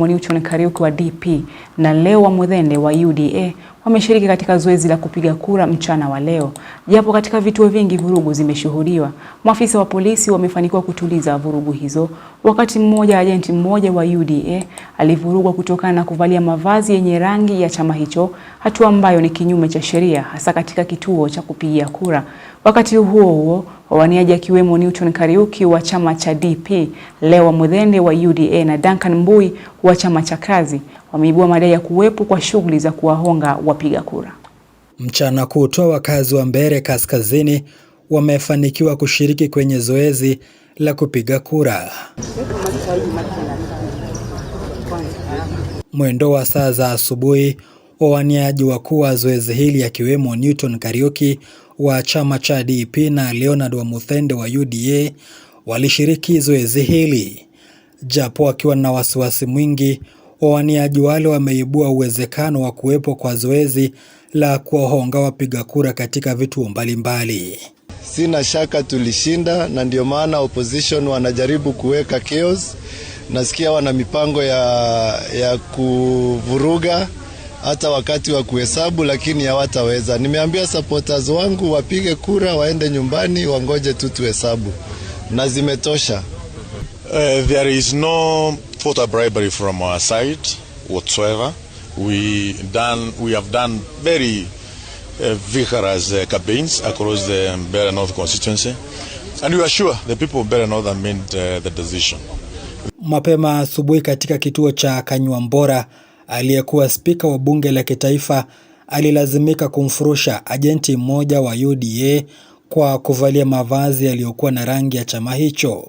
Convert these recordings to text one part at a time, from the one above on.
Moniuchon Kariuki wa DP na Lewa Muthende wa UDA wameshiriki katika zoezi la kupiga kura mchana wa leo. Japo katika vituo vingi vurugu zimeshuhudiwa, maafisa wa polisi wamefanikiwa kutuliza vurugu hizo, wakati mmoja ajenti mmoja wa UDA alivurugwa kutokana na kuvalia mavazi yenye rangi ya chama hicho, hatua ambayo ni kinyume cha sheria, hasa katika kituo cha kupigia kura. Wakati huo huo, wawaniaji akiwemo Newton Kariuki wa chama cha DP, Lewa Mudhende wa UDA na Duncan Mbui wa chama cha Kazi wameibua madai ya kuwepo kwa shughuli za kuwahonga wapiga kura. Mchana kutwa wakazi wa Mbeere Kaskazini wamefanikiwa kushiriki kwenye zoezi la kupiga kura. Mwendo wa saa za asubuhi, wawaniaji wakuu wa zoezi hili akiwemo Newton Kariuki wa chama cha DP na Leonard Wamuthende wa UDA walishiriki zoezi hili japo wakiwa na wasiwasi mwingi wawaniaji wale wameibua uwezekano wa kuwepo kwa zoezi la kuwahonga wapiga kura katika vituo mbalimbali. Sina shaka tulishinda, na ndio maana opposition wanajaribu kuweka chaos. Nasikia wana mipango ya, ya kuvuruga hata wakati wa kuhesabu, lakini hawataweza. Nimeambia supporters wangu wapige kura, waende nyumbani, wangoje tu tuhesabu, na zimetosha. Uh, there is no support a bribery from our side whatsoever. We done we have done very uh, vigorous uh, campaigns across the Bera North constituency and we are sure the people of Bera North have made uh, the decision. Mapema asubuhi katika kituo cha Kanyuambora, aliyekuwa spika wa bunge la kitaifa alilazimika kumfurusha ajenti mmoja wa UDA kwa kuvalia mavazi yaliyokuwa na rangi ya chama hicho.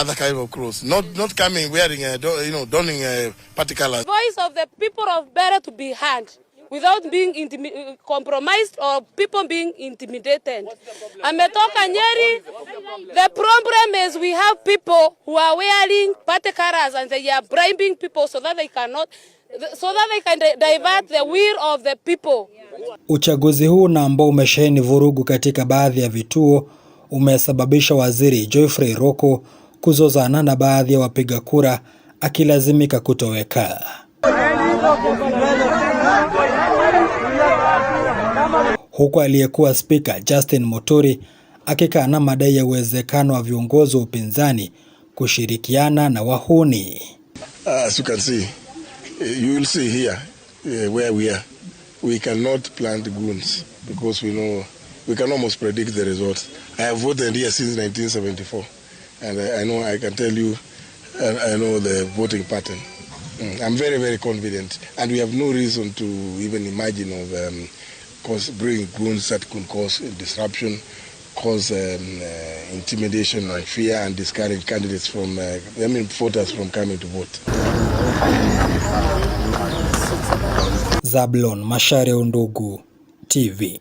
other kind of clothes, not not coming wearing a, uh, you know donning a uh, particular voice of the people of Bere to be heard without being intimi uh, compromised or people being intimidated. I'm Ametoka Nyeri. The problem is we have people who are wearing particulars and they are bribing people so that they cannot so that they can divert the will of the people. Uchaguzi huu na ambao umesheheni vurugu katika baadhi ya vituo umesababisha Waziri Geoffrey Roko kuzozana na baadhi ya wapiga kura akilazimika kutoweka. Huku aliyekuwa spika Justin Muturi akikana madai ya uwezekano wa viongozi wa upinzani kushirikiana na wahuni. We can almost predict the results. I have voted here since 1974 and I know I can tell you I know the voting pattern. Mm, I'm very, very confident and we have no reason to even imagine of um, cause bringing goons that could cause disruption, cause um, uh, intimidation and fear and discourage candidates from, uh, I mean, voters from coming to vote. Zablon Mashare Undugu TV.